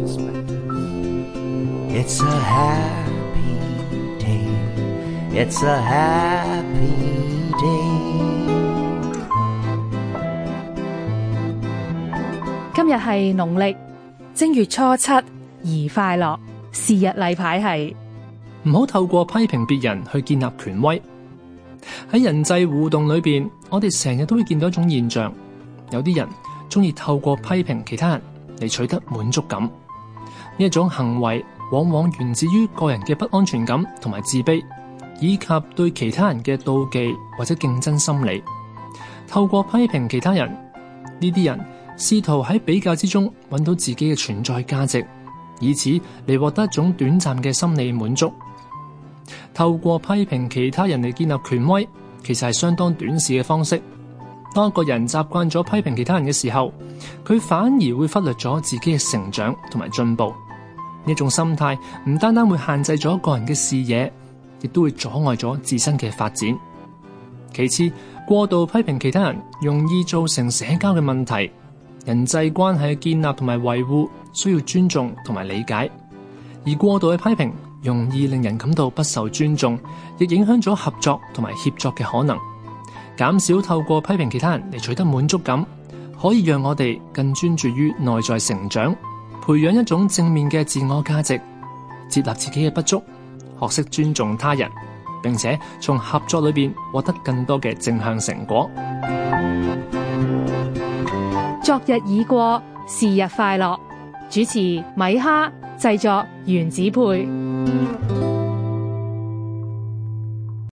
It's it's a happy day. It's a happy day. 今日係農曆正月初七，而快樂。是日例牌係唔好透過批評別人去建立權威。喺人際互動裏邊，我哋成日都會見到一種現象，有啲人中意透過批評其他人嚟取得滿足感。呢種行為往往源自於個人嘅不安全感同埋自卑，以及對其他人嘅妒忌或者競爭心理。透過批評其他人，呢啲人試圖喺比較之中揾到自己嘅存在價值，以此嚟獲得一種短暫嘅心理滿足。透過批評其他人嚟建立權威，其實係相當短視嘅方式。當一個人習慣咗批評其他人嘅時候，佢反而會忽略咗自己嘅成長同埋進步。呢種心態唔單單會限制咗個人嘅視野，亦都會阻礙咗自身嘅發展。其次，過度批評其他人容易造成社交嘅問題，人際關係嘅建立同埋維護需要尊重同埋理解，而過度嘅批評容易令人感到不受尊重，亦影響咗合作同埋協作嘅可能。減少透過批評其他人嚟取得滿足感，可以讓我哋更專注於內在成長。培養一種正面嘅自我價值，接納自己嘅不足，學識尊重他人，並且從合作裏邊獲得更多嘅正向成果。昨日已過，是日快樂。主持米哈，製作原子配。